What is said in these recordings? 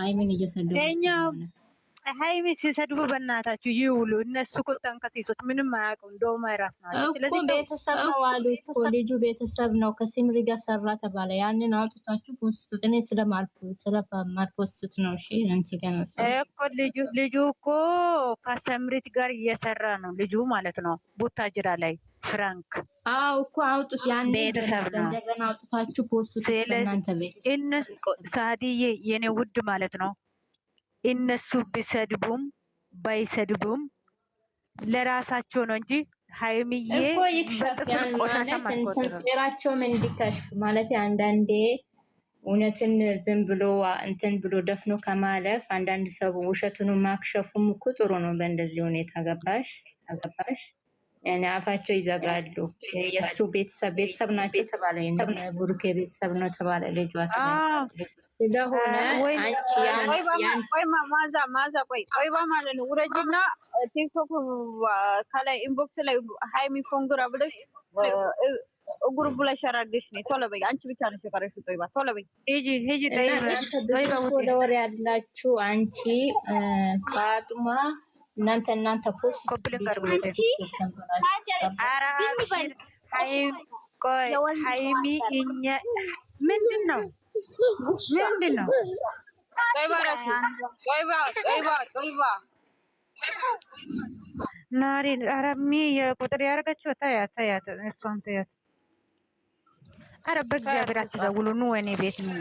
ሀይሚን እየሰደቡ ሀይሚ ሲሰድቡ በእናታችሁ ይውሉ። እነሱ እኮ ጠንከሲሶች ምንም አያውቁ እንደውም አይራስ ናቸው። ቤተሰብ ነው አሉ እኮ ልጁ ቤተሰብ ነው። ከሲምሪ ጋር ሰራ ተባለ። ያንን አውጥታችሁ ፖስቱት። እኔ ስለማልፖስት ነው እሺ። አንቺ ጋር እኮ ልጁ ልጁ እኮ ከሰምሪት ጋር እየሰራ ነው ልጁ ማለት ነው ቡታጅራ ላይ ፍራንክ አው እኮ አውጡት ያን ቤተሰብ ነው። እንደገና አውጥታችሁ ፖስት ስለናንተ ቤት እነሱ ሳዲዬ የኔ ውድ ማለት ነው። እነሱ ቢሰድቡም ባይሰድቡም ለራሳቸው ነው እንጂ ሀይሚዬ በጥፍር ቆሻሻ ማቆጥራቸውም እንዲከሽፍ ማለት አንዳንዴ እውነትን ዝም ብሎ እንትን ብሎ ደፍኖ ከማለፍ አንዳንድ ሰው ውሸቱን ማክሸፉም እኮ ጥሩ ነው። በእንደዚህ ሁኔታ ገባሽ አገባሽ አፋቸው ይዘጋሉ። የእሱ ቤተሰብ ቤተሰብ ናቸው ተባለ። ቡሩኬ ቤተሰብ ነው የተባለ ልጇ ስለሆነ ማዛ ማዛ ቆይ ቆይባ ማለት ነው። ውረጅና ቲክቶክ ከላይ ኢንቦክስ ላይ ሀይሚ ፎንግራ ብለሽ እጉር ብለሽ ያራግሽ ነው። ቶሎ በይ፣ አንቺ ብቻ ነሽ የቀረሽው። ጦይባ ቶሎ በይ፣ ሂጂ ሂጂ። ወሬ ያላችሁ አንቺ ፋጡማ እናንተ እናንተ ፖስት ሀይሚ እኛ ምንድን ነው ምንድን ነው? ናሪ አረሚ የቁጥር ያደረገችው ተያት ተያት፣ እሷን ተያት። አረ በእግዚአብሔር አትደውሉ፣ ኑ ወኔ ቤት ነው።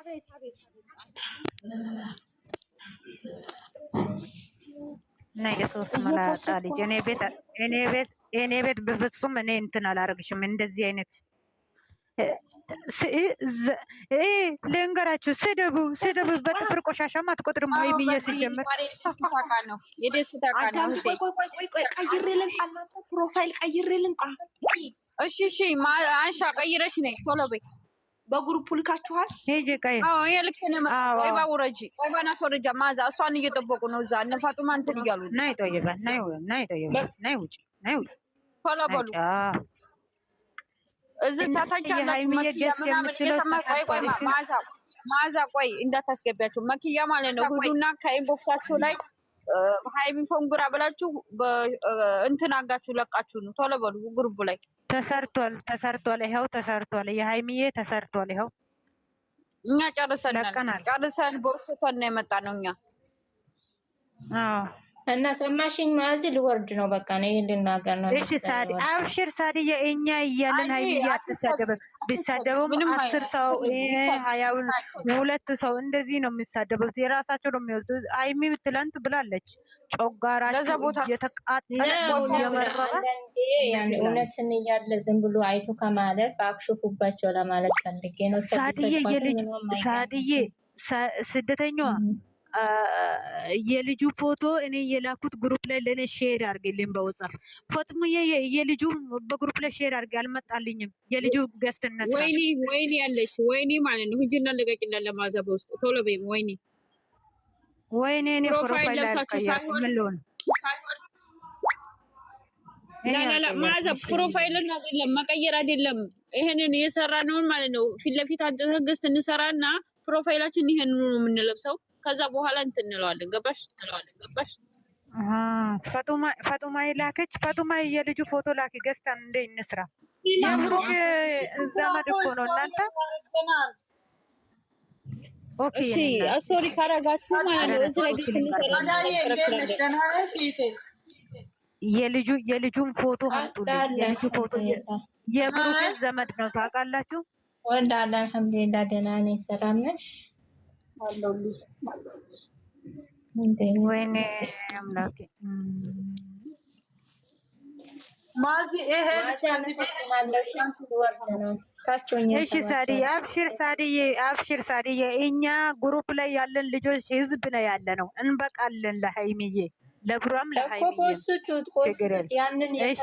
አቤት አቤት እና የሶስት መላጣ ልጅ እኔ ቤት እኔ ቤት እኔ ቤት በፍጹም እኔ እንትን አላደርግሽም። እንደዚህ አይነት ልንገራችሁ፣ ስድቡ ስድቡ በጥፍር ቆሻሻ አትቆጥርም ወይ ብዬ ሲጀምር ቀይሬ ልንጣ፣ ፕሮፋይል ቀይሬ ልንጣ። እሺ እሺ፣ አንሻ ቀይረሽ ነይ ቶሎ በይ በግሩፕ ልካችኋል? ውረጂ ማዛ እሷን እየጠበቁ ነው። እዛ እነ ፋጡማ እያሉ ናይ ጠየባ ናይ ጠየባ ናይ ውጭ ናይ ውጭ ቶሎ በሉ ታታቻላችሁ። ቆይ ማዛ ቆይ እንዳታስገቢያቸው መኪያ ማለት ነው። ሂዱና ከኢንቦክሳችሁ ላይ ሀይሚ ፎንጉራ ብላችሁ እንትን አጋችሁ ለቃችሁ ነው። ቶሎ በሉ ግሩቡ ላይ ተሰርቷል፣ ተሰርቷል፣ ይኸው ተሰርቷል። የሀይሚዬ ተሰርቷል፣ ይኸው እኛ ጨርሰናል። ጨርሰን ቦርሰቷን ነው የመጣ ነው እኛ እና ሰማሽኝ ማዚ ልወርድ ነው። በቃ ነው ይሄን ልናገር ነው። እሺ ሳዲ አብሽር ሳዲ የእኛ እያለን ሀይሚ አትሳደብም። ቢሳደቡም አስር ሰው ሀያውን ሁለት ሰው እንደዚህ ነው የሚሳደቡት። የራሳቸው ነው የሚወስዱ። አይሚ ትላንት ብላለች ጮጋራቸው እየተቃጠለ የመረረ እውነትን እያለ ዝም ብሎ አይቶ ከማለፍ አክሽፉባቸው ለማለት ፈልጌ ነው። ሳድዬ የልጅ ሳድዬ ስደተኛዋ የልጁ ፎቶ እኔ የላኩት ግሩፕ ላይ ለእኔ ሼር አድርግልኝ በወጻፍ ፎጥሙ የልጁ በግሩፕ ላይ ሼር አድርግ አልመጣልኝም። የልጁ ገስት እነሳ ወይኒ ወይኒ ያለች ወይኒ ማለት ነው። ሂጂና ልቀቂና ለማዘብ ውስጥ ቶሎ በይም ወይኒ ወይኔ እኔ ፕሮፋይል ለብሳችሁ ሳይሆን ላላላ ማዘ ፕሮፋይልን አይደለም መቀየር አይደለም። ይሄንን የሰራነውን ማለት ነው ፊት ለፊት አንተ ገስት እንሰራና ፕሮፋይላችን ይሄንን ነው የምንለብሰው ከዛ በኋላ እንትንለዋለን። ገባሽ እንለዋለን። ገባሽ ፈጡማ ላከች። ፈጡማ የልጁ ፎቶ ላኪ ገዝተን እንደ እንስራ ዘመድ እኮ ነው እናንተ እሺ ስቶሪ ካረጋችሁ ማለት ነው። እዚህ ላይ የልጁ የልጁን ፎቶ አምጡልኝ። የልጁ ፎቶ የምሩቅ ዘመድ ነው ታውቃላችሁ። ወንድ አልሐምዱሊላህ ደህና ነኝ። ሰላም ነሽ? ወይኔ አምላኬ እሺ፣ ሳድዬ አብሽር፣ ሳድዬ አብሽር፣ ሳድዬ እኛ ግሩፕ ላይ ያለን ልጆች ህዝብ ነው ያለ ነው። እንበቃለን ለሀይሚዬ ለብሯም ለሀይሚዬ ችግር የለም። እሺ